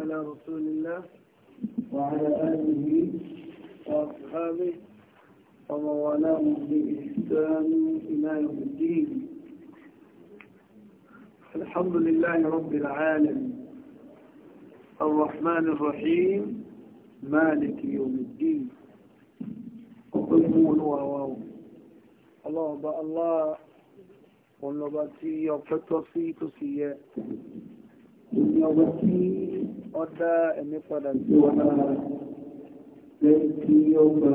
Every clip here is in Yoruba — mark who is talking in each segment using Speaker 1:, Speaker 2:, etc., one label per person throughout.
Speaker 1: على رسول الله وعلى آله وأصحابه ومن والاه بإحسان إلى يوم الدين الحمد لله رب العالمين الرحمن الرحيم مالك يوم الدين وقلبون olúwa الله aláà الله ọba tí ọpẹ́ tọ́ sí tó ọdá ẹ̀mí padà sí ọ̀nà rẹ̀ tí ó gba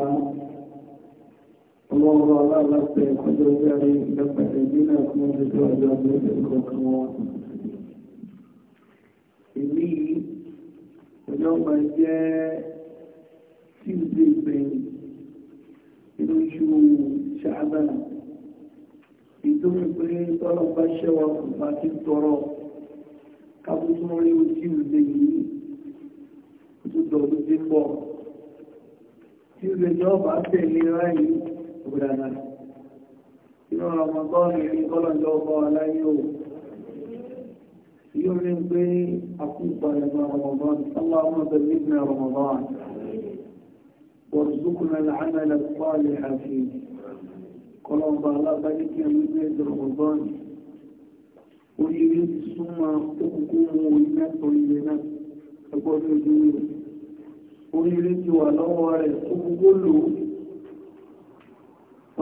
Speaker 1: ọlọ́rọ̀ aláàlọ́pẹ̀ ọjọ́ ìgbàrí ìgbàpẹ̀lẹ̀ ìgbìnà fún ọjọ́ ọjọ́ ìgbẹ̀rẹ̀ kọ̀ọ̀kan wọn. Èmi ọjọ́ máa jẹ́ tí ó dé ìgbẹ̀yìn inú iṣu ṣáàbà. Ìdúró kábù tí wọ́n rí ojú ìlú yìí tó dọ̀dún tí pọ̀ tí ìlú ẹjọ́ bá tẹ̀lé ráyìí òdàdà inú ọmọgọ́rin ní kọ́lọ̀jọ́ ọkọ̀ aláyé o yóò rí pé àkúpa ẹ̀gbọ́n ọmọgọ́rin sọ́lá ọmọ tẹ̀lé ní ọmọgọ́rin وارزقنا العمل الصالح فيه قلوب الله بارك يا مجد رمضان oríire súnmọ́ òkùnkùn mú orí mẹ́ta oríire náà ẹgbọ́n tó dé rẹ̀ oríire ti wà lọ́wọ́ rẹ̀ òkùnkùn lò ó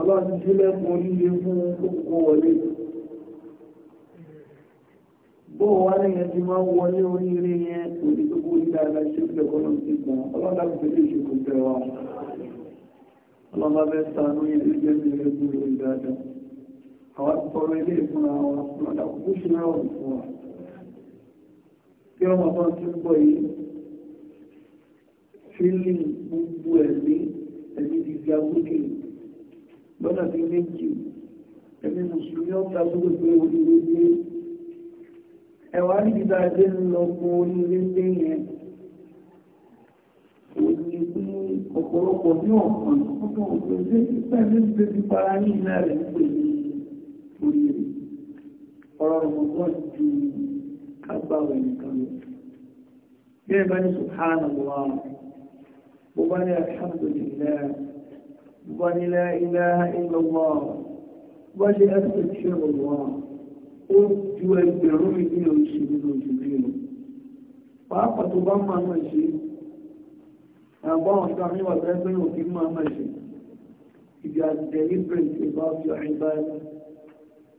Speaker 1: ọlọ́run sílẹ̀ fún oríire fún òkùnkùn wọlé bó wà lẹ́yìn tí máa ń wọlé oríire yẹn orí tó kó orí dáadáa ṣe fẹ́ kọ́nà sí gan ọlọ́run láti fẹ́ lè ṣe kò fẹ́ wa ọlọ́run bá fẹ́ yẹn lè jẹ́ mi lè gbúrò dáadáa àwọn tọrọ ilé ìfúnra wọn lọ́dà kúkú ṣúná ọ̀rọ̀ fún wa kí ọmọ tó ń tún gbọ́ yìí fílì gbogbo ẹ̀mí ẹ̀mí ti ga gòkè lọ́dà tí méjì ẹ̀mí mùsùlùmí ọ̀gá gbogbo ìgbé oríire dé ẹ̀wà ní ìdá ẹgbẹ́ ń lọ fún oríire dé yẹn òní fún ọ̀pọ̀lọpọ̀ ní ọ̀kan tó tó ń pè é pẹ̀lú ìgbésí para orí rẹ̀ ọ̀rọ̀ ọmọgbọ́n ju kágbàwẹ̀ nìkan lọ bí ẹ bá ní subhanallah bó bá ní alhamdulillah bó bá ní la ilaha illallah bó bá ní astaghfirullah ó ju ẹgbẹ̀rún mi ní oṣù nínú oṣù pàápàá tó bá máa máa ṣe àgbọ́n ọ̀sán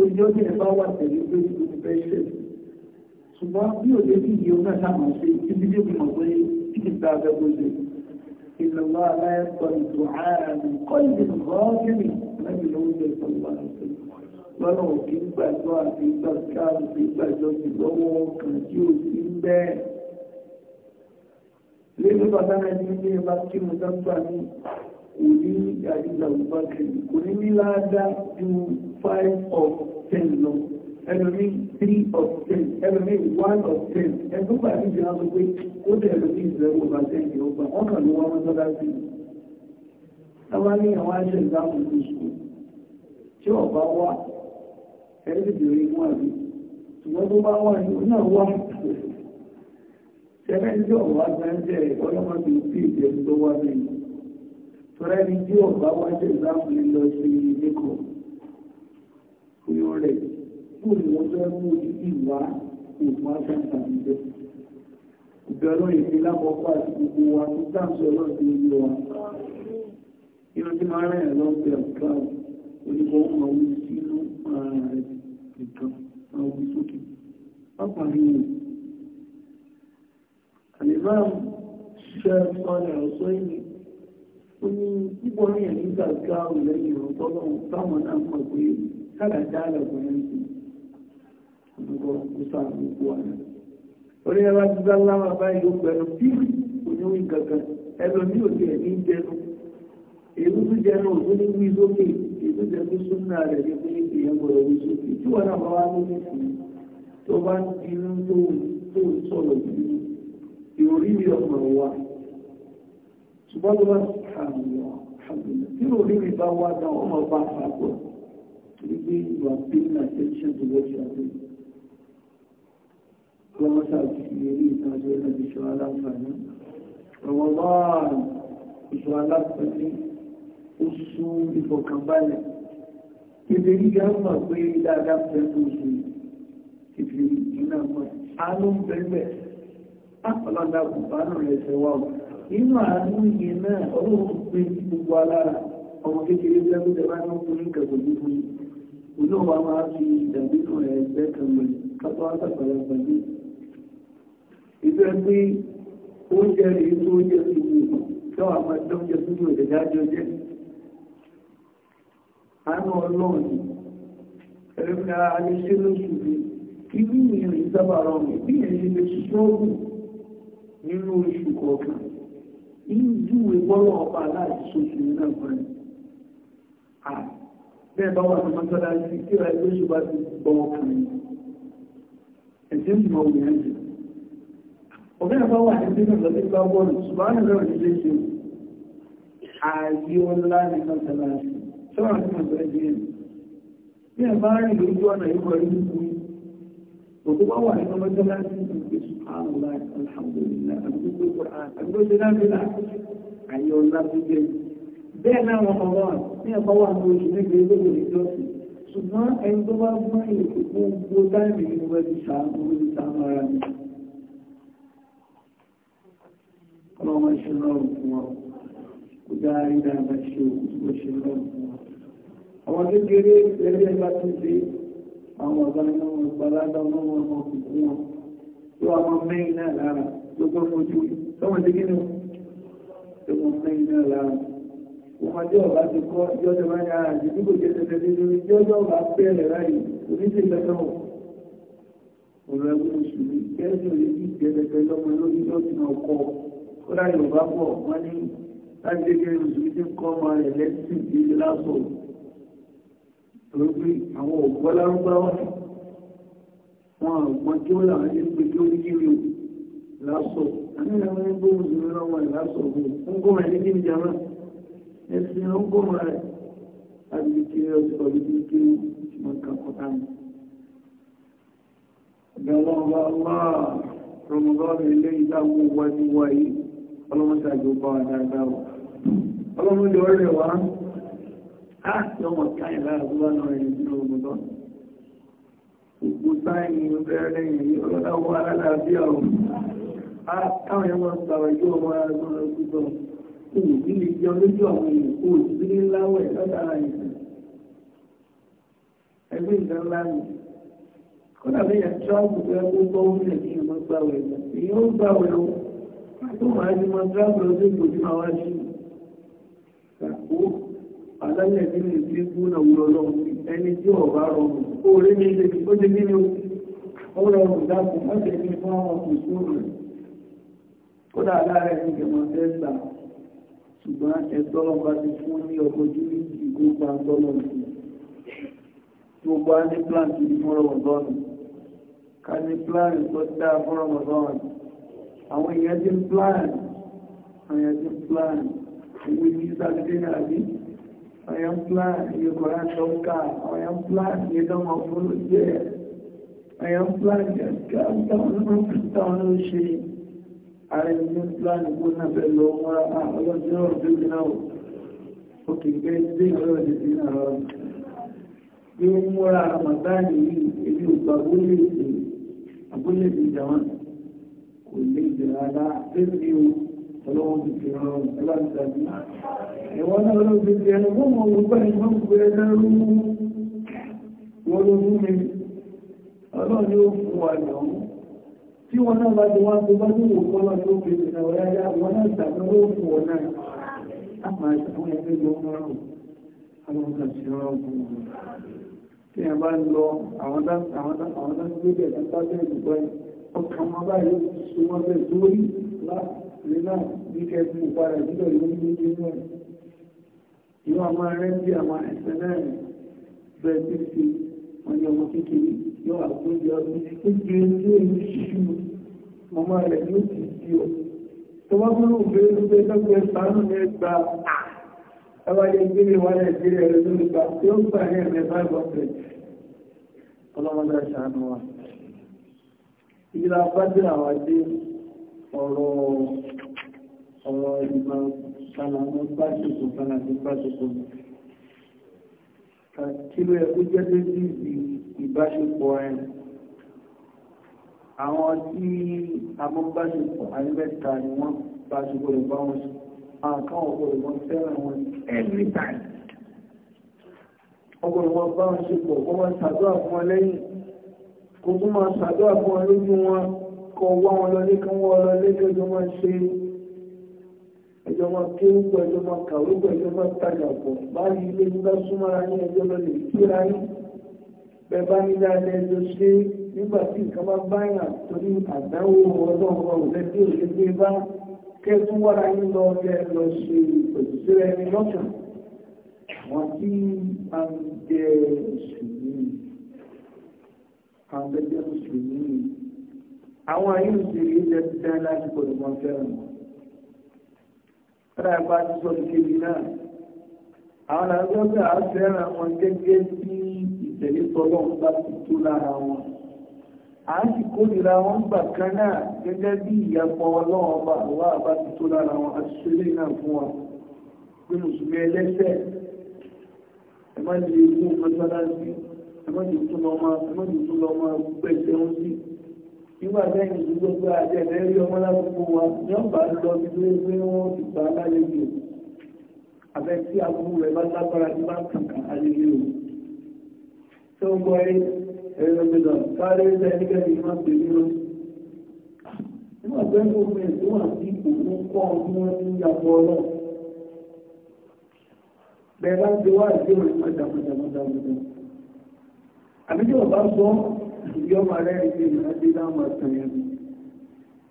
Speaker 1: ojú ọdún ẹ̀ bá wà tẹ̀lé pé o ti fẹ́ ṣe ṣùgbọ́n bí òde sí ìdí ọmọ ẹ̀ta mọ̀ sí ibi tí ó fi mọ̀ pé kí ni ta fẹ́ bó ṣe ìlọ́wọ́ aláyẹ̀kọ́ ìtò ààrùn kọ́ ìdìbò gọ́ọ́gìnì lẹ́yìn ló ń jẹ ìfọ̀lùwà lọ́nà òkè gbàgbọ́ àti gbàgbọ́ àti gbàgbọ́ ti lọ́wọ́ kan tí ó sì ń bẹ́ẹ̀ lẹ́nu bàbá rẹ̀ ní ilé bá kí mo dágbà ní òní àdìgbà òbá kiri kò ní ní láádá ju five of ten lọ ẹlòmí three of ten ẹlòmí one of ten ẹgbẹ́gbà ní ìjọba sọ pé ó dẹ̀ ẹlòmí ìzẹ̀wò bá ten ní ọgbà wọ́n kàn ló wọ́n mọ́tọ́ dájú táwa ní àwọn aṣẹ ìdáhùn ní ìṣòro tí ọba wà ẹ̀rí ìbèrè mú àbí ṣùgbọ́n tó bá wà ní náà wà ṣẹlẹ̀ ní ọ̀wá gbẹ́ńjẹ́ ọlọ́mọdé tí ìjẹun tó wà nínú tọ́lá ní tí ọba wá ṣe ìdáhùn lílọ sí ilé kan fún rẹ̀ kó ní wọ́n fẹ́ mú títí wá òkun afẹ́ǹtà níbẹ̀. ìbẹ̀rù ìpín lápapọ̀ àti gbogbo wa tó dáàbò ọlọ́run tó yé wa. inú tí máa rẹ̀ lọ bẹ̀ ọ̀gá oníkọ́ máa wú sínú ara rẹ̀ nìkan máa wú sókè. ni wò. àlèbá ṣẹ́ ọ̀nà ọ̀sọ́ ìní ó ní púpọ̀ ní táwọn náà mọ̀ pé kada dala gwamnati gbogbo kusa gbogbo wani orí ẹwà ti dálá wà báyìí ó pẹ̀lú bí oníwí kankan ẹlò ní òkè ẹ̀mí ń jẹnu èyí tó jẹnu òtún ní wí sókè èyí tó jẹnu súnmọ́ rẹ̀ ní pé èyí gbọ́dọ̀ wí sókè tí wọn náà bá wà ní ìfún tó bá ń tó tó ń sọ̀rọ̀ bínú ìròrí mi ọmọ wa ṣùgbọ́n tó bá ṣàmùlọ ṣàmùlọ tí ìròrí mi bá wá dá ọmọ bá fà gbọ́dọ̀. Meaning you are paying attention to what you are doing. Lọ́wọ́ ṣàtìlẹ́ ní ìtàjọ́ ìrìnàjò ìṣọ́ aláǹfààní. Ọ̀wọ̀ máa ìṣọ́ aláǹfààní ó sún ìfọ̀kànbalẹ̀. Ìbẹ̀ gíga ń mọ̀ pé dáadáa fẹ́ tó ṣe ìfìrí ìdínà mọ̀. Àánú bẹ̀rẹ̀ ọmọ kékeré jẹ́ tó tẹ́lá ní ọkùnrin kẹ̀kọ́ gbogbo yìí olú wa máa fi ìdàgbé kan ẹ̀ ẹgbẹ́ kan mọ̀ kápá àtàkàrà pẹ̀lú ìgbẹ́ pé oúnjẹ rèé tó oúnjẹ sí ìlú tẹ́wà máa jẹ́ oúnjẹ tó oúnjẹ dájọ́ jẹ́ àánú ọlọ́run ẹ̀rẹ́fẹ́ aléṣẹ́ lóṣù bí kí mímì rìn ìjú ìgbọ́lọ̀ ọba aláìsí oṣù náà pẹ̀lú bẹ́ẹ̀ bá wà ní mọ́sálásí tí ra ẹgbẹ́ ṣùgbọ́n ti gbọ́ ọkùnrin ẹ̀jẹ̀ ń mọ òun ẹ̀jẹ̀ ọ̀gá bá wà ní wa ọ̀dọ́ tí bá ṣùgbọ́n ẹ̀rọ ní ilé ní mọ́sálásí alhamdulillah bẹ́ẹ̀ náà wọn ọ̀rọ̀ ní ẹ̀kọ́ wà ní oṣù méje lóòrò ìjọsìn ṣùgbọ́n ẹni tó bá gbọ́n èkó gbogbo dáìmì ní wọ́n ti ṣàánú lórí ìtàmù ara mi ọlọ́mọ ṣe lọ́rùn fún ọ kò dárí dáadáa ṣe òkútùkọ̀ ṣe lọ́rùn fún ọ àwọn kékeré ẹgbẹ́ ẹgbà tó ṣe àwọn ọ̀gá iná wọn gbalada wọn wọn ọmọ ọmọdé ọba ti kọ́ yọ́jọ́ bá ní ara rẹ̀ nígbò jẹ́ tẹ́tẹ́ ní lórí yọ́jọ́ ọba bẹ̀rẹ̀ ráyìí oníṣẹ́ ìgbẹ́sọ̀ ọ̀rọ̀ ẹgbẹ́ oṣù ní kẹ́sì òye ní ìjẹ́tẹ́tẹ́ lọ́mọ lórí lọ́sì náà kọ́ ó láyé ọba pọ̀ wọ́n ní láti gẹ́gẹ́ oṣù ní kọ́ ọmọ rẹ̀ lẹ́sìn sí ilé lásọ̀ torí pé àwọn ògbọ́ lárúbáwá wọn àgbọn kí ó ẹ̀sìn ọgọ́rùn-ún rẹ̀ láti kí ẹ ọ̀sẹ̀ ọ̀dún tí kí tí wọ́n kà kọ́ta ní. Ọ̀gá ọlọ́ọ̀bá Rọmọdọ́nù ilé ìdáwó wáyé wáyé ọlọ́mọdé àjò bá wà dáadáa wọ̀. Ọlọ́mọdé ọ̀rẹ́ wa á yọmọ káyìn lára tó bá náà ẹni nínú Rọmọdọ́nù. Òkú sáyìn bẹ̀rẹ̀ yìí ọlọ́dá wọ alálàáfíà òbí lè jọ lójú àwọn èèyàn kó òbí lè láwọ̀ ẹ̀ lọ́dára ìsìn ẹgbẹ́ ìdán ńlá ni kódà bí ìyá tíráàbù tó ẹgbẹ́ gbọ́ oúnjẹ kí gbà wẹ̀ lọ èyí ó gbà wẹ̀ máa di lọ sí ìgbòjú ẹni tí ọ̀bá rọrùn ó rí ó ti ó rọrùn dákun má ṣe ní fún àwọn kòsóòrùn kódà alára ẹni jẹmọ ṣùgbọ́n ẹ̀tọ́ ọba ti fún ní ọkọ̀ ojú méjì gbogbo àtọ́nà sí gbogbo a ní plan ti di fún ọmọdọ́nù ká ní plan tó dá fún ọmọdọ́nù àwọn èèyàn ti ń plan àwọn èèyàn ti ń plan ìwé ní sátidé náà bí àwọn èèyàn plan iye kọ̀ọ̀rá tó ń kà àwọn èèyàn plan iye tó mọ̀ fún ló jẹ́ àwọn èèyàn plan iye tó mọ̀ fún ló ṣe àìní pláàni kó náà fẹ́ lọ mọ́ra ọlọ́jọ́ ọ̀dọ́jọ́ náà ó kì í pẹ́ dé ọlọ́jọ́ sí náà rọrùn bí ó múra àmàtàní yìí èyí ògbà abúlé ìsì abúlé ìsì ìjàmá kò lè jẹrà alá lẹ́sí o ọlọ́wọ́n ti fi rọrùn ẹgbà ti tàbí ẹ̀wọ́n náà ló fi fi ẹnu fún ọmọ ògbà ìgbà gbogbo ẹ lẹ́rú wọn ló mú mi ọlọ́run yóò fún wa lọ́wọ́ tí wọn náà bá ti wá tó bá níwò kọ́lá tó fi ìrìnà ọ̀yáyá wọn náà ìtàkùnrin ó fún wọn náà a máa ṣàwọn ẹgbẹ́ lọ márùn àwọn ìṣẹ́ra ọgbọ̀n tí a bá lọ àwọn dáńgbẹ́gbẹ̀ tó bá bẹ́ẹ̀ lùgbọ́ ẹ̀ ọkàn wọn báyìí ó ti so wọn bẹ́ẹ̀ lórí láti náà ní kẹfún ìpadà sílẹ̀ lórí ní yóò wà tó yọ ọdún tó ju ojú èyí ṣíṣú mọ́mọ́ rẹ̀ yóò ti di o tó wá fúnrú pé ó pé lọ́gbẹ́ sánú ní gba ẹwàlẹ̀ ìgbéyẹ̀ wà nàìjíríà rẹ̀ ló gba tí ó gbà ní ẹ̀mẹ́ five hundred ọlọ́mọdé kí ló yẹ kó jẹ́ lójú ìgbìyànjú ìbáṣepọ̀ ẹ̀rùn àwọn tí abọ́báṣepọ̀ àríbẹ̀ta ni wọ́n báṣepọ̀ lè bá wọn àkán ọ̀pọ̀lọ̀ wọn fẹ́ràn wọn every time ọ̀pọ̀lọ̀ wọn bá wọn ṣepọ̀ kó wọ́n ṣàdúrà fún wọn lẹ́yìn kó tún máa ṣàdúrà fún wọn lójú wọn kọ wá wọn lọ lé kí wọ́n lọ lé lójọ́ máa ṣe ẹjọ́ máa kéwú pẹ̀lú máa kàwé pẹ̀lú máa tajà pọ̀ báyìí ilé nígbà súnmọ́ra ní ẹjọ́ lọ lè kíra yìí bẹ̀bá ní dáadẹ́ ló ṣe nígbàtí nǹkan bá báyà torí àdáwò ọlọ́wọ́ rẹ̀ tí ò lè gbé bá kẹ́tún wára yín lọ rẹ̀ lọ ṣe òṣìṣẹ́ ẹni lọ́kàn wọ́n tí a ń jẹ mùsùlùmí àwọn ẹgbẹ́ mùsùlùmí àwọn ayé òṣèré ilẹ̀ ti dá láti gbọdọ̀ mọ́ fẹ́ràn wọn. Fẹ́ràn bá ti sọ ìkéde náà àwọn àgbẹ̀gbẹ̀ àwọn fẹ́ràn wọn gẹ́gẹ́ bíi ìtẹ̀lé tọ́lọ́run bá ti tó lára wọn a ń sì kórìíra wọn gbà kan náà gẹ́gẹ́ bí ìyàpọ̀ ọlọ́run ọba àbúwá bá ti tó lára wọn àti ṣẹlẹ̀ náà fún wa pé mùsùlùmí ẹlẹ́sẹ̀ ẹ má lè mú mọ́sálásí ẹ má lè tún lọ máa ẹ má lè tún lọ máa wọn sí nígbà lẹ́yìn tí gbogbo àjẹ̀lẹ́ rí ọmọ lágbogbo wa yọ́nbà lọ sí pé pé wọ́n ti gbà lálejò àbẹ́ tí àbúrò rẹ̀ bá lágbára ní bá kàkà àlejò tó gbọ́rí ẹ̀rọ̀mìnà kárí ẹnikẹ́ni máa pè ní wọn nígbà pé ń gbogbo ètò àti òkú kọ́ ọdún wọn ní ìyàpọ̀ ọlọ́ bẹ́ẹ̀ bá ń gbé wá ìdí òun máa dàmọ́dàmọ́dàmọ́dà àbí tí wọ́n bá sọ ìyọ́mà rẹ̀ ìdí ìrìnàjò dáhùn àtàyàn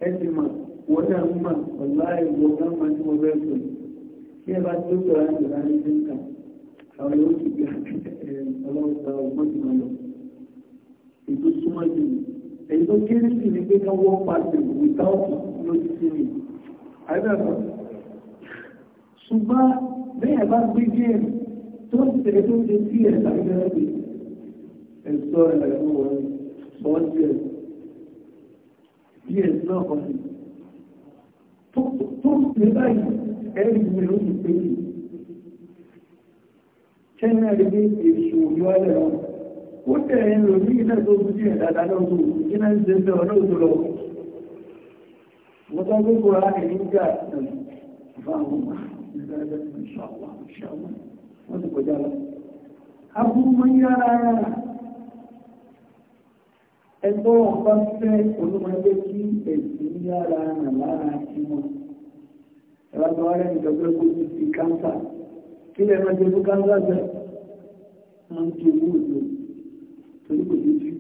Speaker 1: ẹ̀sìn máa wọ́n náà máa ní wọ́n bẹ́ẹ̀ kí ẹ bá tó sọ̀rọ̀ àjọ̀rọ̀ àyíká àwọn yóò ti gbé àkẹ́kẹ́ ọlọ́run gba ọgbọ́n jùlọ lọ ètò súnmọ́ jù èyí tó kéré sí ni pé káwọ́ pàṣẹ without lójú sí mi àìbẹ̀rẹ̀ ṣùgbọ́n bẹ́ẹ̀ bá gbé géèmù tó ń tẹ̀lé tó ń ṣe sí ẹ̀ tàbí ẹ̀rọ ẹ̀sọ́ ẹ̀rọ wọn sọ́ọ́ díẹ̀ díẹ̀ náà tẹ́lẹ̀ rí ní èṣù ìwọ́lẹ̀ wọn ó tẹ̀yìn lò ní ilẹ̀ tó bú jẹ́ ìdàdà lọ́gbù kí náà ń ṣe bẹ́ ọlọ́gbù lọ wọ́n tó kó rá ní ìjà fáwọn ìgbàlẹ̀ ìṣàwọ̀ ìṣàwọ̀ wọ́n ti kọjá lọ aburú mọ́ yára rárá ẹgbọ́ ọ̀pá fẹ́ olómọdé kí ẹ̀sìn yára rárá lára kí wọn ẹ̀rọ àwọn arẹ́mìtọ́gbẹ́gbẹ́ ti káńtà kílẹ̀ máa jẹ́ bókà ńláṣẹ́ máa ń kí owó òjò torí kò lójú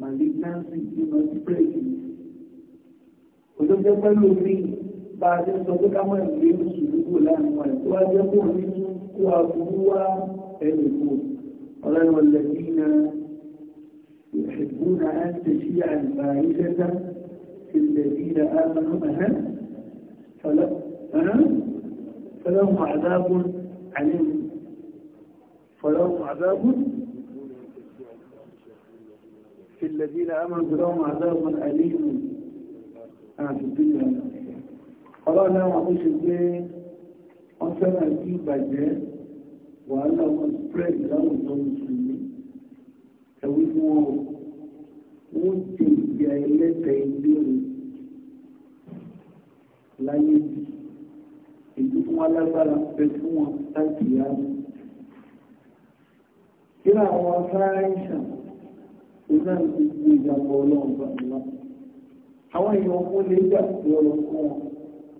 Speaker 1: malignancy ti máa ti pẹ́ẹ́sì olójẹ́ pẹ́lú omi bá a jẹ́ sọ pé ká mọ̀ ìwé ìṣòro láàrin wa tó wá jẹ́ kó ní tún kó aburú wá ẹnì kó ọlọ́run ọ̀lẹ́bí náà يحبون أن تشيع الفاحشة في الذين آمنوا أهم فلا أهم فلهم عذاب عليم فلهم عذاب في الذين امنوا لهم عذاب عليم في الدنيا ọlọ́run náà wọ́n ṣe pé wọ́n fẹ́ràn sí ìbàjẹ́ wàhálà wọn spread láwùjọ mùsùlùmí ẹ̀wí fún wọn wọ́n ti ìgbà ẹlẹ́tẹ̀ẹ́ ilé rẹ̀ láyé bíi èyí fún wọn lágbára pẹ fún wọn láti yá mi. kí làwọn sáyẹ̀nsàn tó náà ti gbé ìjàmbá ọlọ́run bá mi wá. àwọn èèyàn kún lè gbà sí ọ̀rọ̀ fún wọn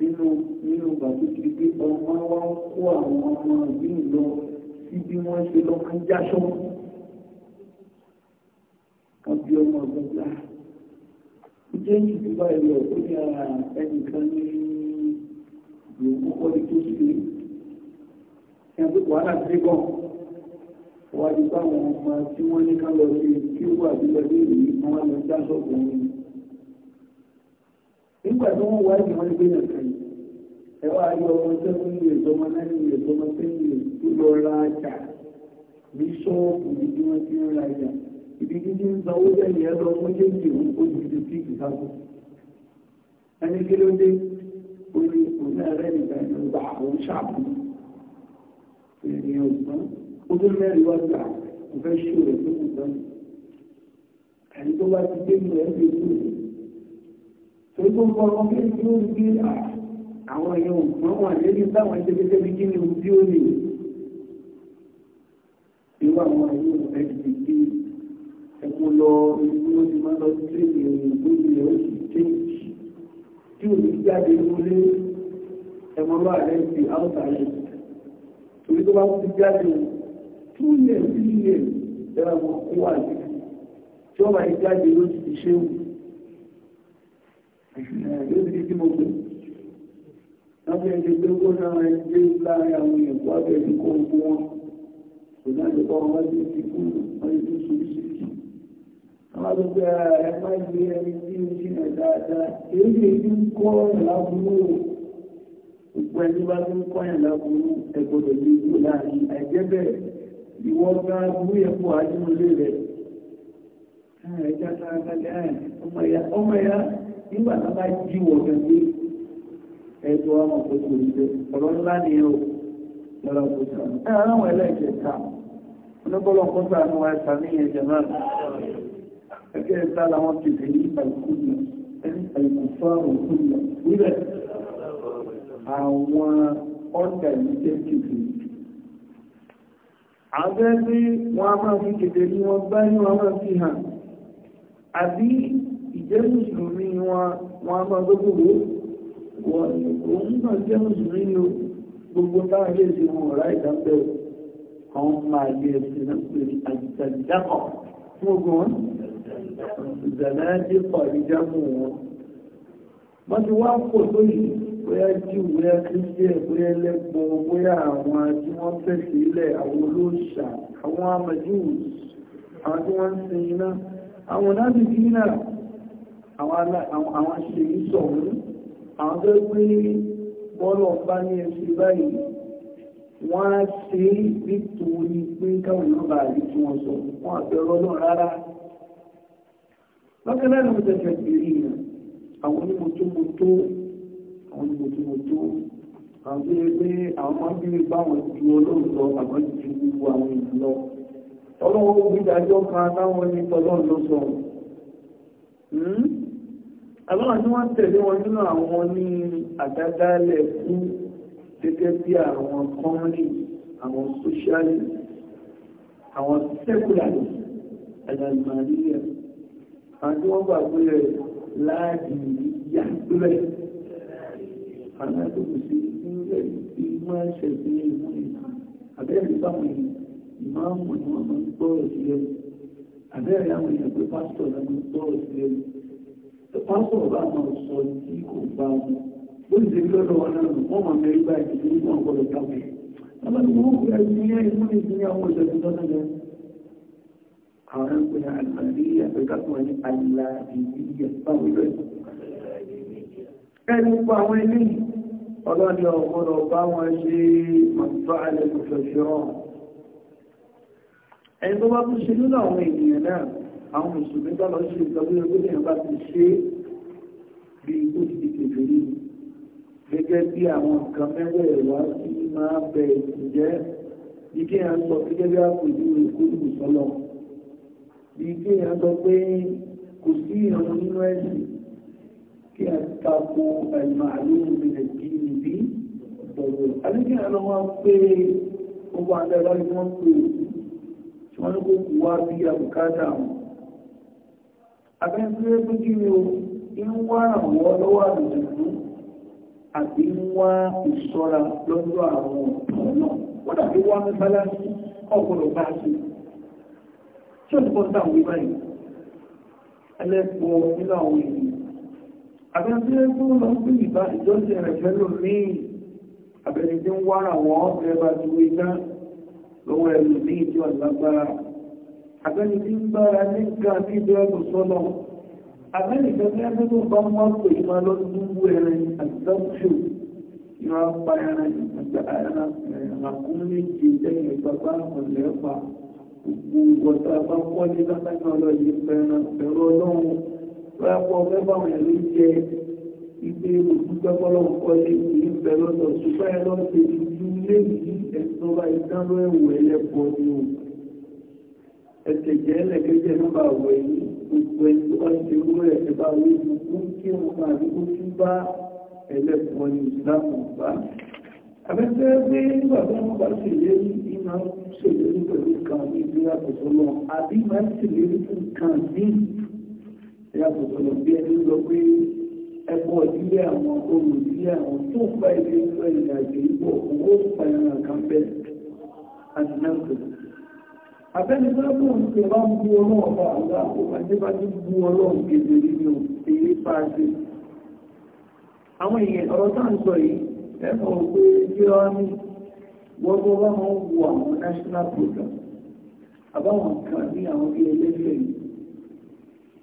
Speaker 1: nínú nínú bàbá kiri pé ọmọ wa ń kó àwọn ọmọ ìbínú lọ sí bí wọ́n ṣe lọ máa ń jáṣọ́. kan bí ọmọ ọgbọ́n gbà. ó jẹ́ ìdúgbà ẹ̀rọ ó ara ẹnìkan ní lòun kọ́kọ́ di tó sí ẹgbẹ́ wàhálà sí gọ́ wájú báwọn ọmọ tí wọ́n ní ká lọ sí kí ó wà nílẹ̀ ní ìlú wọn lọ sí aṣọ́gbọ̀ wọn nígbà tí wọ́n wá ìgbìmọ̀ ní gbéyàn kan ẹ wá yọ ọmọ sẹ́fún ilé ìjọmọ náírà ilé ìjọmọ sẹ́yìn ilé tó lọ ra ọjà ní ṣọ́ọ̀bù ní bí wọ́n ti ń ra ọjà ibi títí ń sanwó lẹ́yìn ẹ̀rọ méjèèjì òun kó ju ti sí ìsáfù ẹni kí ló dé náà rẹ̀ nìkan ní ọgbà àwọn ṣàbùn ìrìn ọgbọ́n ó tó mẹ́rin wá gbà kò fẹ́ ṣó rẹ̀ tó kù lọ́nà ẹni tó bá ti dé mú ẹ fi kú tó tó ń bọ́ ọmọ bí ẹni tó ń gbé àwọn èèyàn ọgbọ́n wà lórí táwọn ẹni bí kí ni ohun tí ó lè irú àwọn ẹni tó fẹ́ lọ inú ti máa lọ sí ìrìn òyìnbó ó sì change tí ò ní jáde lórí ẹ̀wọ̀n máa rẹ̀ ń fi áwọ̀tà rẹ̀ torí tó bá ti jáde two years three years ẹ̀rọ àwọn kó wà ní tí wọ́n máa jáde ló ti fi ṣéwù yóò ti di mo pè lábẹ́ ẹni tó kó náà ẹni tó láàrin àwọn èèyàn kó abẹ́ ẹni kó ń kó wọn kò náà lè kọ́ wọn ẹni tí ó ṣe náà dáadáa èyí lè dín kọ́ ọ̀rọ̀ gbogbo ẹni bá tún kọ́yàn láburú ẹgbọ́dọ̀ ní ìlú láàrin ẹ̀jẹ̀ bẹ́ẹ̀ ìwọ bá burú yẹn fún àdínúlé rẹ̀ ẹ̀já sára kalẹ̀ ọmọ ẹ̀yà nígbà tá bá jí wọ̀ gẹ́gẹ́ ẹ̀tọ́ àwọn òkòtò ìṣe ọ̀rọ̀ ńlá ni ó lọ́la òkòtò ẹ̀ àwọn ẹlẹ́ẹ̀kẹta onígbọ́lọ̀ kọ́tà ni wọ́n ẹ̀sà ní ẹ̀jẹ̀ náà ẹ̀kẹ́ ẹ̀ta làwọn kìfì ní àìkú àwọn ọ̀tẹ̀ yìí tẹ́ kìtì àbẹ́ bí wọ́n a máa fi kèdè ní wọ́n gbá ní wọ́n máa fi hàn àbí ìjẹ́ mùsùlùmí wọn wọ́n a máa gbogbo wọ́n òun náà jẹ́ mùsùlùmí ní gbogbo táàrí èsì wọn ọ̀rá ìdámbẹ̀ àwọn máa yẹ ẹ̀sìn náà pé àjìjàkọ̀ wọ́n ti wá pò tó yìí bóyá jù bóyá kristian bóyá ẹlẹ́gbọ́n bóyá àwọn tí wọ́n fẹ̀sí ilẹ̀ àwọn olóòṣà àwọn amajus àwọn tí wọ́n ń sin iná àwọn láti fi náà àwọn aṣèyí sọ̀rọ̀ àwọn tó gbé bọ́lọ̀ bá ní ẹsẹ̀ báyìí wọ́n á ṣe é nítorí pé káwọn náà bá rí tí wọ́n sọ wọ́n àbẹ̀rọ náà rárá lọ́kẹ́lẹ́ ni mo tẹ̀sẹ̀ pèrè àwọn onímọ̀tòmọ̀tò àwọn ìmọ̀tòmọ̀tò àwọn tó yẹ pé àwọn máa ń bí lè báwọn ju olóòótọ́ àmọ́ ti fi gbogbo àwọn ìlú lọ ọlọ́wọ́ gbígbàjọ́ kan táwọn ní tọ́lọ́n ló sọ hmm? àwọn tí wọ́n tẹ̀lé wọn nínú àwọn ní àdádálẹ̀ fún gẹ́gẹ́ bí àwọn kọ́nrí àwọn sóṣálì àwọn sẹ́kùlàlì ẹ̀dàgbàríyà àti wọ́n gbàgbé rẹ̀ láàrin ìyá lórí ọ̀nà tó kù sí nílẹ̀ tí wọ́n ṣẹ̀ sí ìmú ìmọ̀ àbẹ́rẹ́ báwọn ìmáàmù ni wọ́n máa ń gbọ́rọ̀ sí ẹnu àbẹ́rẹ́ àwọn èèyàn pé pásítọ̀ náà máa ń gbọ́rọ̀ sí ẹnu pásítọ̀ bá máa sọ tí kò bá wọn bó ti ṣe lọ́dọ̀ wọn náà wọ́n máa mẹ́rin báyìí tí wọ́n ẹni pa àwọn eléyìí ọlọ́ni ọgbọ́dọ̀ bá wọn ṣe mọ̀tọ́ alẹ́kùnfẹ̀ṣọ́rọ̀ ẹni tó bá tún ṣe nínú àwọn ènìyàn náà àwọn mùsùlùmí bá lọ ṣe ìtọ́jú ẹgbẹ́ ènìyàn bá ti ṣe bí ó ti kèfè rí gẹ́gẹ́ bí àwọn nǹkan mẹ́wẹ̀ẹ̀wá sí máa bẹ ìjẹ́ يتقوا المعلوم من الدين بالضرورة alẹ́gbẹ́ àwọn wọn pé gbogbo àdá ìlàrí wọn pé tí wọ́n ní kó kú wá bí àbùkádà wọn abẹ́gbẹ́ pé kí ni o ń wá àwọn lọ́wọ́ àdùnnú àti ń wá ìṣọ́ra lọ́dọ̀ àwọn ọ̀nà wọ́n dàbí wá mẹ́fàlásí bá ṣe tí àbẹ́sílẹ̀ tó lọ sí ìbá ìjọ́sìn rẹ̀ fẹ́lò míì àbẹ̀rẹ̀ tí ń wára wọ́n ẹba tó iná lọ́wọ́ ẹlù ní ìjọ lágbára àbẹ́ni tí ń bára ní ká ní ìbẹ́ẹ̀kù sọ́nà àbẹ́ni tẹ́lẹ́ tó bá mọ́tò ìmá lọ́dúnbú ẹran àtìsọ́pù ìwà pa ẹran àkún méjì lẹ́yìn bàbá ọ̀lẹ́fà gbogbo ọ̀tá bá wọ́n ní látàkì ọlọ́yìn fẹ́ràn ẹ̀rọ ọlọ́run rápọ̀ mẹ́fà wọn ló jẹ ìgbé olùdókòlò kọ́lé ní ìfẹ́ lọ́dọ̀ ṣùgbọ́n ẹ lọ ṣe ìlú léyìí ẹ̀sùn bá ìdáná ẹ̀wù ẹlẹ́pọ̀ ni o ẹsẹ̀ jẹ́ ẹlẹ́gẹ́jẹ́ ló bá wọ ẹ̀yìn gbogbo ẹni tó bá ń ṣe owó ẹ̀ ẹ̀ bá wọ ẹ̀yìn kó kí wọn máa rí kó tún bá ẹlẹ́pọ̀ ni ìsìláàmù bá. àbẹ́sẹ̀ pé nígbà tí wọ́n bá ṣèlérí ìmọ̀ ṣèlérí pẹ̀lú kan ní ìdíyàtọ̀ tó lọ àbí máa ń ṣèlérí fún kan ní yàtọ̀ sọ̀rọ̀ bí ẹni lọ pé ẹ̀kọ́ ìdílé àwọn olù ìdílé àwọn tó fa ilé ìfẹ́ ìrìnàjò ìbọ̀ owó pàyàrà kan bẹ́ẹ̀ àti náà Abẹ́nigbẹ́gbẹ́ òǹkè bá ń bú ọlọ́run bá àgbà àkókò nípa tí bú ọlọ́run gèdè nínú èyí pàṣẹ. Àwọn èèyàn ọ̀rọ̀ tá ń sọ yìí, ẹ̀mọ̀ òpé jíra ní wọ́gbọ́ bá máa ń àwọn national program. Àbáwọn kan ní àwọn ilé ẹlẹ́gbẹ̀ẹ́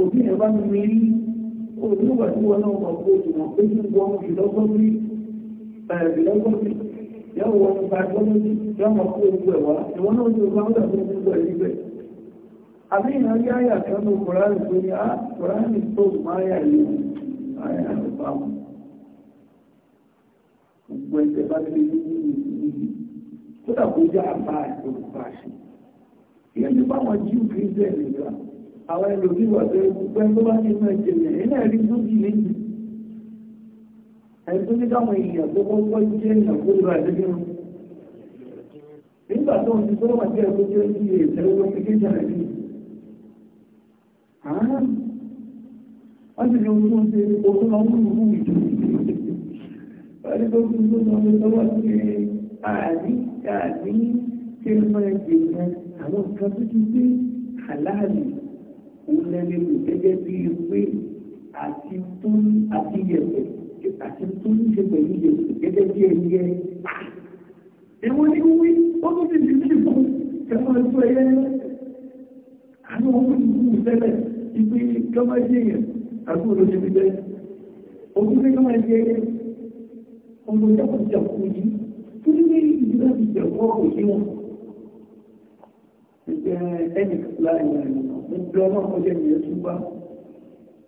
Speaker 1: òbí ẹ̀ bá mi rí olúwà tí wọ́n náà kọ̀ọ̀kọ́ ìmọ̀ pé kí wọ́n mú ìlọ́gọ́rí ìlọ́gọ́rí yóò wọ́n mú ìlọ́gọ́rí yóò mọ̀ kó ogun ẹ̀wà ìwọ́n náà ní ọgbà ọ̀dà tó gbogbo ẹ̀ níbẹ̀ àbí ìran rí àyà kan ní kòránì tó ní á ah, kòránì tó máa yà ní àyà àlùfà mú gbogbo ẹ̀jẹ̀ bá ti rí ní ìlú kódà kó jẹ́ àbá àti olùfàṣì ìyẹn ti bá wọn jíù kìí àwọn ẹlòmíwà tó gbogbo ẹgbẹ́ bá ní ìmọ̀ ìjìnlẹ̀ iná rí tó bí méjì ẹni tó ní káwọn èèyàn tó kọ́kọ́ jẹ́ èèyàn tó lọ àdéjọ́ nígbà tó ń tó wà jẹ́ ẹgbẹ́ tó ní ìṣẹ́lẹ̀ lọ sí kéjà rẹ̀ ní wọ́n ti ní ohun tó ń ṣe oṣù lọ mú ìlú ìjọ wọ́n ti tó kú tó lọ lọ́wọ́ sí àní àní kí ló òlẹ́lẹ́ kò gẹ́gẹ́ bí pé àti tó ní àti yẹ̀pẹ̀ àti tó ní ṣe pẹ̀lú yẹ̀pẹ̀ gẹ́gẹ́ bí ẹni yẹ. Èwọ́n ní wí, ó tún ti dìbò ìbò kẹfọ́ ẹ̀fọ́ ẹ̀yẹ. Àwọn ọmọ ìlú ìfẹ́lẹ̀ ibi kọ́mọ́ jẹ́ yẹn àti olóṣè ti bẹ́ẹ̀. Òkú ní kọ́mọ́ jẹ́ yẹn. Ọmọ ìjọba ti àkókò yìí. Tó ní ní ìdílé ti jẹ̀wọ́ òṣèwọ̀n. Ẹnì kan láàyè gbogbo ọlọ́pọ̀ jẹ́ ìyẹn tún bá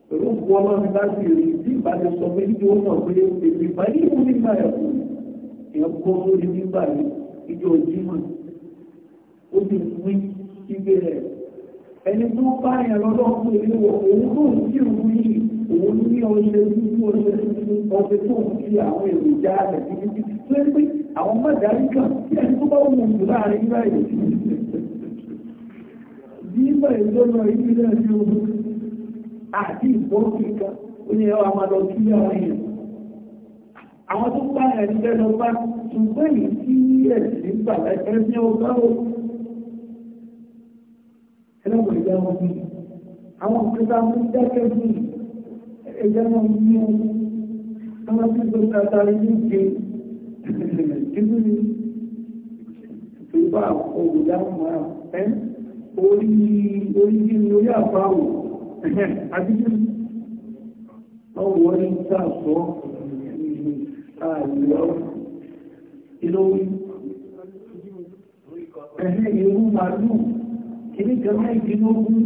Speaker 1: pẹ̀lú òkú ọlọ́run bá sì rí tí ìbálẹ̀ sọ pé níbi ó mọ̀ pé èmi bá ní ìwú nígbà ẹ̀kú èèyàn kọ́ lórí nígbà ní ìjọ jímọ̀ ó sì wí síbẹ̀ rẹ̀ ẹni tó bá yẹn lọ́dọ̀ fún ilé wọ òun tó ń sí òun yìí òun ní ọṣẹ nínú ọṣẹ tuntun ọṣẹ tó ń fi àwọn èròjà rẹ̀ títí tó ń pè àwọn mọ̀dárí kan tí ẹni tó bá wù láàrin láì nígbà ìjọba ìpínlẹ̀ ní ogun àti ìfọ́kìkà oní ẹwà àmàdọ̀ kí àwọn èèyàn àwọn tó bá ẹ̀ nígbẹ́ lọ bá ṣùgbọ́n yìí sí ẹ̀sìn gbà ẹ̀fẹ́ ní ọgbà ó ẹlẹ́wọ̀n ìjà wọn bí àwọn òkúta mú dákẹ́ bí ẹ̀jẹ̀ wọn ní ohun àwọn tí ó tata ní ìgbé orí orí orí àpáwò ẹ̀hẹ́n àdíjú ọwọ́ ní sáàsọ́ àìyọ́ ah, ìlórí ẹ̀hẹ́ ìrú màálù kìí kẹrẹ ìdínlógún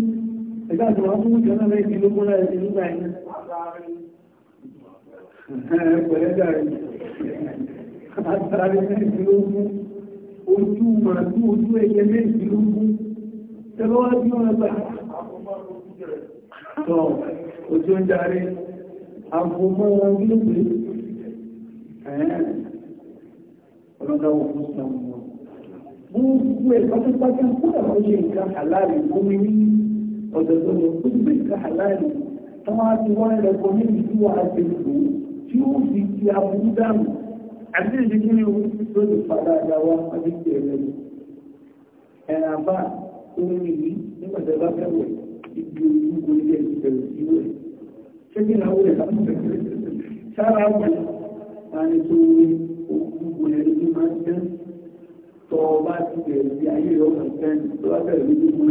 Speaker 1: ẹgbẹ́ àti wọ́n mú kẹrẹ ìdínlógún láti nígbà ẹni pẹ̀lẹ́gbà rẹ̀ ojú màálù ojú ẹyẹ mẹ́rìndínlógún tẹ́lọ́ wá bí wọ́n gbà tọ́ ojú ń darí agbomọ́ wọn gbígbé ẹ̀ẹ́n ọlọ́dáwọ̀ fún sàmùwọ̀ gbogbo ẹ̀ pátápátá kúrò àwọn ṣe nǹkan àláàrí gómi ní ọ̀dọ̀dọ̀ lọ gbogbo nǹkan àláàrí táwọn á ti wá ẹ̀rọ ní ìlú àgbègbè tí ó fi ti aburú dànù àti ìdíkí ni ó ti padà dáwà àti ìgbẹ̀rẹ̀ omi yìí nígbà tí a bá fẹ́ wẹ̀ ibi ojú kò ní ẹ̀sìn bẹ̀rẹ̀ sí wẹ̀ ṣé kí ni àwọn ẹ̀ka sára wẹ̀ láti tó ojú kò ní ẹ̀sìn máa ń tẹ́ tọ́ ọ bá ti bẹ̀rẹ̀ sí ayé rẹ̀ ọ̀nà tẹ́ tó bá bẹ̀rẹ̀ lójú mọ́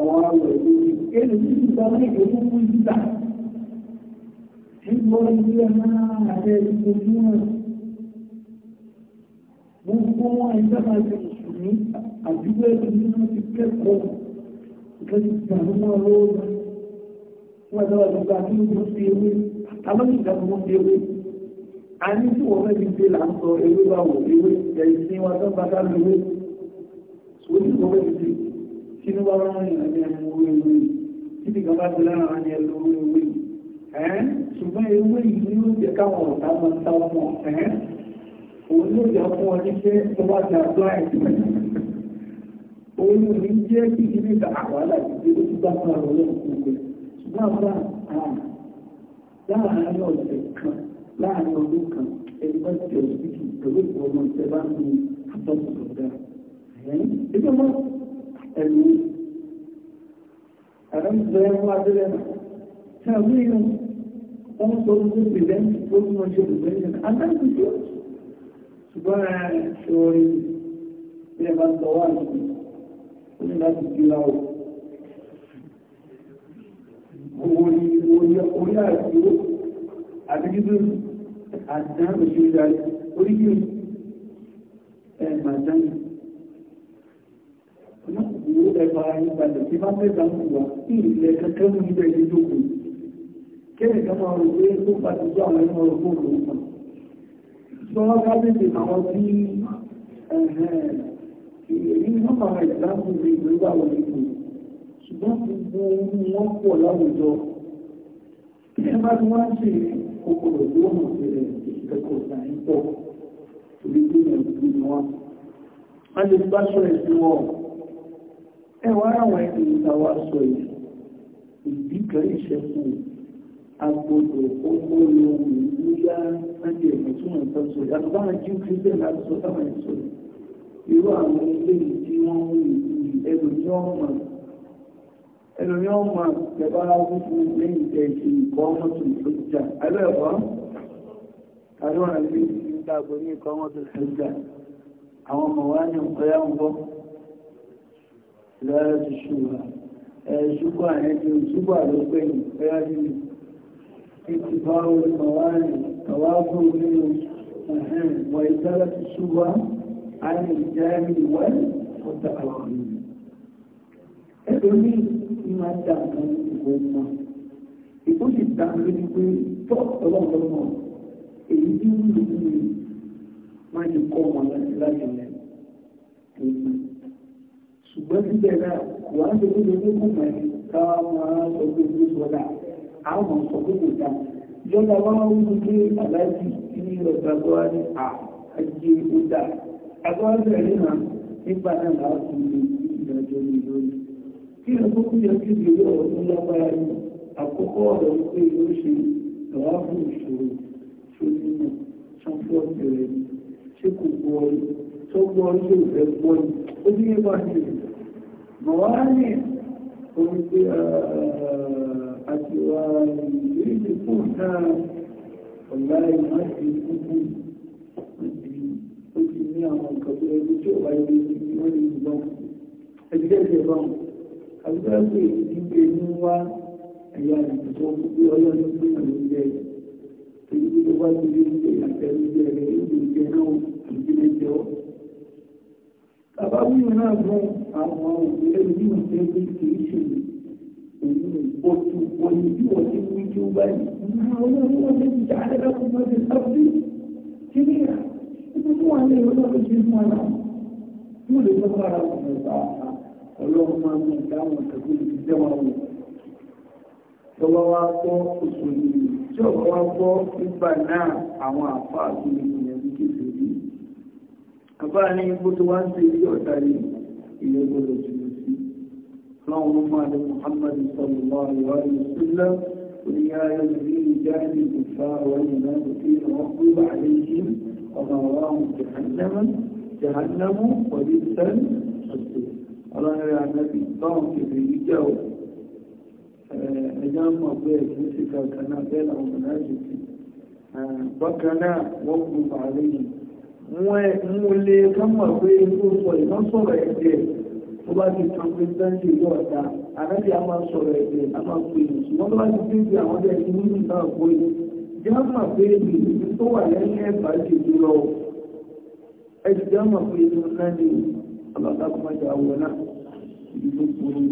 Speaker 1: ọ̀wọ́ ní àdúgbò ẹ̀sìn ní wọ́n ti kẹ́kọ̀ọ́ nǹkan ti gbà ní wọn lọ́wọ́ lọ wọ́n ẹ̀dọ́ àdúgbò àti ìlú ti ewé àtàlọ́jì ìjàmbá wọn ti ewé a ní tí wọ́n fẹ́ fi dé là ń sọ ewé wa wò ewé ẹ̀sìn wa tó ń bá dá lówé sòwò tí wọ́n fẹ́ fi dé sínú wa wọ́n rìn àti ẹ̀mú ewé títí kan bá ti lára wọn ni ẹ̀lú ewé ẹ̀ẹ́n ṣùgbọ́n ewé yìí ni ó jẹ́ káwọn ọ̀tá máa ń sá ọmọ ẹ̀ẹ́n òun ló jẹ́ fún ọ níṣẹ́ tó bá ti àdó àìsàn òun jẹ́ kí ilé ìgbà àwàlà ìdíje ó bá fún àwọn ọlọ́run pé ṣùgbọ́n láàárín ọ̀sẹ̀ kan láàárín ọdún kan ẹgbẹ́ ti ọ̀sìkì pẹ̀lú ìwọ̀n ọ̀sẹ̀ bá ní àtọ́sọ̀tọ̀ dá ẹgbẹ́ mọ́ ẹ̀lú ilẹ̀ bá sọ wà lọ́wọ́ ó ní láti fi ra o orí orí orí àti ó àti gígbé àti dáhùn sí ìdá orí gbé ẹ màdánù ọmọkùnrin ó ẹ̀fà ìgbàlẹ̀ tí bá mẹ́ta ń wà ní ilẹ̀ kankan mú ibẹ̀ ní jókòó kéèyàn kan máa rò pé ó bá ti jọ àwọn ẹ̀rọ ọgbọ́n lòó kan sọ wọ́n ká tètè èyí nọ́mbà ìdáhùn lè lórí àwọn ìpò ṣùgbọ́n gbogbo ohun wọn pọ̀ láwùjọ kí ẹ bá ti wá ń ṣe kòkòrò tó hàn sílẹ̀ ìkẹ́kọ̀ọ́ ìdáhùn pọ̀ torí pé ẹ̀ ń gbé wọn a lè bá sọ ẹ̀sìn wọn ẹwà àwọn ẹni ìtawà sọ yìí ìdí kan ìṣẹ́kù agbọ́dọ̀ owó lóhun ìlú yá láti ẹ̀mọ̀ túnmọ̀ ìtọ́sọ̀ yàtọ̀ bá wọn jí kí bẹ́ẹ̀ láti sọ irú àwọn ilé tí wọ́n mú ẹlòmíọ́mà ẹlòmíọ́mà tẹ̀bá wúfú lẹ́yìn tẹ̀ ṣe ìkọ́ mọ́tò ìfẹ́jà ẹlẹ́ẹ̀kọ́ àdúrà ilé tí ń dàgbò ní ìkọ́ mọ́tò ìfẹ́jà àwọn ọmọ wa ní ọ̀pẹ́yà ń bọ́ lọ́rẹ́ ti ṣùgbà ẹ̀ṣùgbà ẹ̀ṣù ṣùgbà ló pẹ̀lú ọ̀pẹ́yà عن الجهل والمتأخرين ẹlòmíì ni máa dà nǹkan ìwé mọ ìbò sì dà lórí pé tó ọlọ́ọ̀lọ́mọ èyí tí ń lò ní máa ń kọ́ ọmọ láti láti lẹ̀ ẹ̀yìn ṣùgbọ́n síbẹ̀ náà kò wá ṣe lórí ní ọ̀gá tó wá ní àjẹ ó dáa Agora ele não, tem para lá o que da Jolidori. Que eu vou cuidar que viu o trabalho, a cocora, o que eu sei, eu abro o choro, são forte se cuboi, sou boi, sou velho, boi, o dia barriga. Moane, porque a ativar, ele, portanto, والله ما في ní àwọn nǹkan tó ẹgbẹ́ tí ó bá yẹ kí wọ́n lè yìnbọn ẹgbẹ́ ìṣẹ̀ bọ́n àbúrò pé ìdíje ní wá ẹ̀yà ìdìbò pé ọlọ́run ní ìlú jẹ́ èyí tí ó wá sí ilé ìṣẹ̀ àtẹ̀lẹ́jẹ́ rẹ̀ ìlú jẹ́ náà ìdílé jẹ́ ọ́. bàbá wíwọ̀n náà fún àwọn òṣèré ní ìṣẹ́ pé kì í ṣe òun ìpọ̀tù wọn ni bí wọ́n ti ń wí tí ó báyìí. àwọn ọlọ́run wọn ti jà á lẹ́kọ̀ọ́ fún wọn ní ìwé lọ́dún tí fún wọn tí ó lè tó fara ọ̀sẹ̀ bá ọlọ́run máa ń gbà wọn tẹ̀kọ́ ìdí jẹ́ wọn wò tọwọ́ wa àwọn àfa tó wá ń ṣe ilé ọ̀tá yìí ilé gbọdọ̀ jùlọ sí ọlọ́run ló máa lè Muhammad sallallahu alaihi wa sallam oníyá ayọ̀ ní ìjáde ìfà àwọn ìlànà tí wọ́n gbé عليهم ọ̀dọ̀wọ̀n jẹ̀hánnámà jẹ̀hánnámù pẹ̀lú sẹ́lì ọ̀sẹ̀ ọlọ́rin àgbẹ̀bí báwọn kèfè yìí jẹ́ ò ẹ̀yà mọ̀ pé ẹ̀kùn sí kankan náà bẹ́ẹ̀ làwọn mọ̀lá jìkì bákan náà wọ́n kú bàárẹ̀ yìí mú lé kámọ̀ pé ikú sọ ìmọ̀ sọ̀rọ̀ ẹ̀jẹ̀ tó bá ti tán pé sẹ́ńtì jámà pé ìlú tó wà lẹ́yìn ẹ̀bà jù ú lọ ẹ̀jù jámà pé inú náà ni alábàkùnmájà wọ̀ náà ìlú burú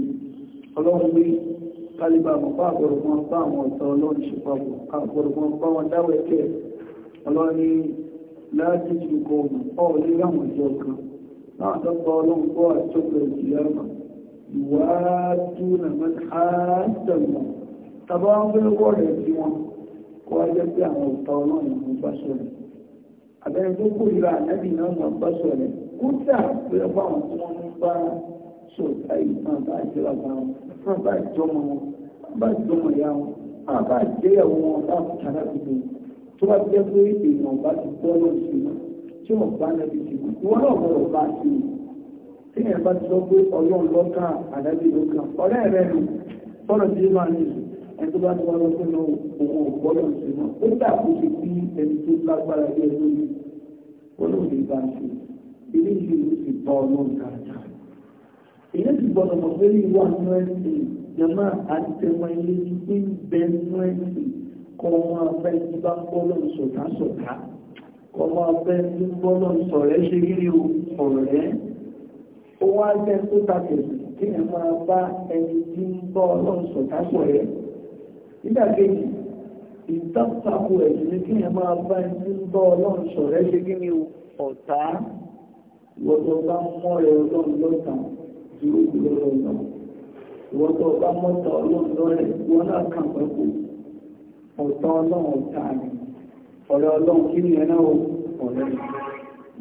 Speaker 1: ọlọ́run pé kálíbà mọ̀pá àbọ̀rọ̀mọ́ bá àwọn ọ̀tọ̀ ọlọ́run ṣe papọ̀ àbọ̀rọ̀mọ́ bá wọn dáwọ̀ ẹ̀kẹ́ ọlọ́run láti ju kọ́ ọ̀ lé ráwọn ìjọ kan láwọn tó gbọ́ ọlọ́run gbọ́ àjọpọ̀ ìjìyàmà ìwádùn nàmọ́ àádọ́mọ̀ tàbá wọn fẹ́ wọ́ọ̀rẹ̀ sí wọn kó wá jẹ́ pé àwọn òta ọlọ́run ló bá sọ̀rọ̀ abẹ́rẹ́ tó kó ìlà ànábì náà máa bá sọ̀rọ̀ kó tà pé ọba àwọn tí wọ́n ń bá sọ̀tà yìí máa bá jẹ́ bàbá wọn máa bá jọmọ wọn máa bá jọmọ ìyá wọn máa bá jẹ́yàwó wọn bá kàrà gbogbo tó bá jẹ́ pé èèyàn bá ti bọ́ lọ sí i tí wọ́n bá nàbí sí i wọ́n náà bọ̀rọ̀ bá sí i tí èèyàn bá ti sọ pé ọlọ́run lọ́kàn àdábì lọ́kàn ọ̀rẹ́ rẹ̀ nù bọ́lọ̀ tí ó máa ní ẹni tó bá ti wá lọ sí ọ̀nà òun ọ̀gbọ́dọ̀ sí náà ó dà kó ṣe bí ẹni tó lágbára bí ẹni lórí olóògbé bá ṣe ilé ìṣe ló ti bá ọlọ́run káàjà èyí ti gbọdọ̀ mọ̀ pé ní ìwà nínú ẹ̀sìn jẹ̀mọ́ àti tẹ̀wọ́ ilé ní bẹ nínú ẹ̀sìn kọ́ wọn abẹ́ ti bá bọ́lọ̀ sọ̀tà sọ̀tà kọ́ wọn abẹ́ ti bọ́lọ̀ sọ̀rẹ́ ṣe kí ni ọ̀rẹ́ ó wá jẹ́ tó ta tẹ̀sí kí ẹ máa bá ẹni tí ń bọ́ ọlọ́run sọ̀tà sọ̀rẹ́ nígbà kejì ìtàkùn ẹ̀sìn ní kí ẹ máa bá ẹni ń bọ́ ọlọ́run ṣọ̀rẹ́ ṣe kí ni ọ̀tá ìwọ́tọ̀ bá mọ́ rẹ̀ ọlọ́run lọ́tàn ju òkúrò lọ́nà ìwọ́tọ̀ bá mọ́ta ọlọ́run lọ́rẹ̀ wọn náà kàn pẹ́kù ọ̀tá ọlọ́run ọ̀tá ni ọ̀rẹ́ ọlọ́run kí ni ẹ̀nà ọ̀rẹ́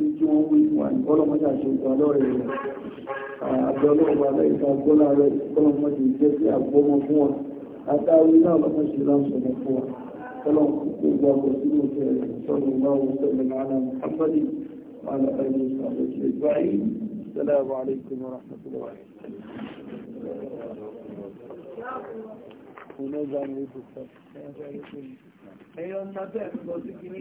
Speaker 1: ìjú owó ìwà ìbọ́lọ́mọdé àṣẹ̀gbà lọ́rẹ̀ àtàrí náà lọ́pọ̀ ṣe láǹṣọ̀rọ̀ fún wa ọlọ́run kò gbọ́ ọkọ̀ sínú ìfẹ́ rẹ̀ sọ́nà ìbáwọ̀ sọ́nà ìlànà muhammadu وعلى آله وصحبه أجمعين السلام عليكم ورحمة الله وبركاته.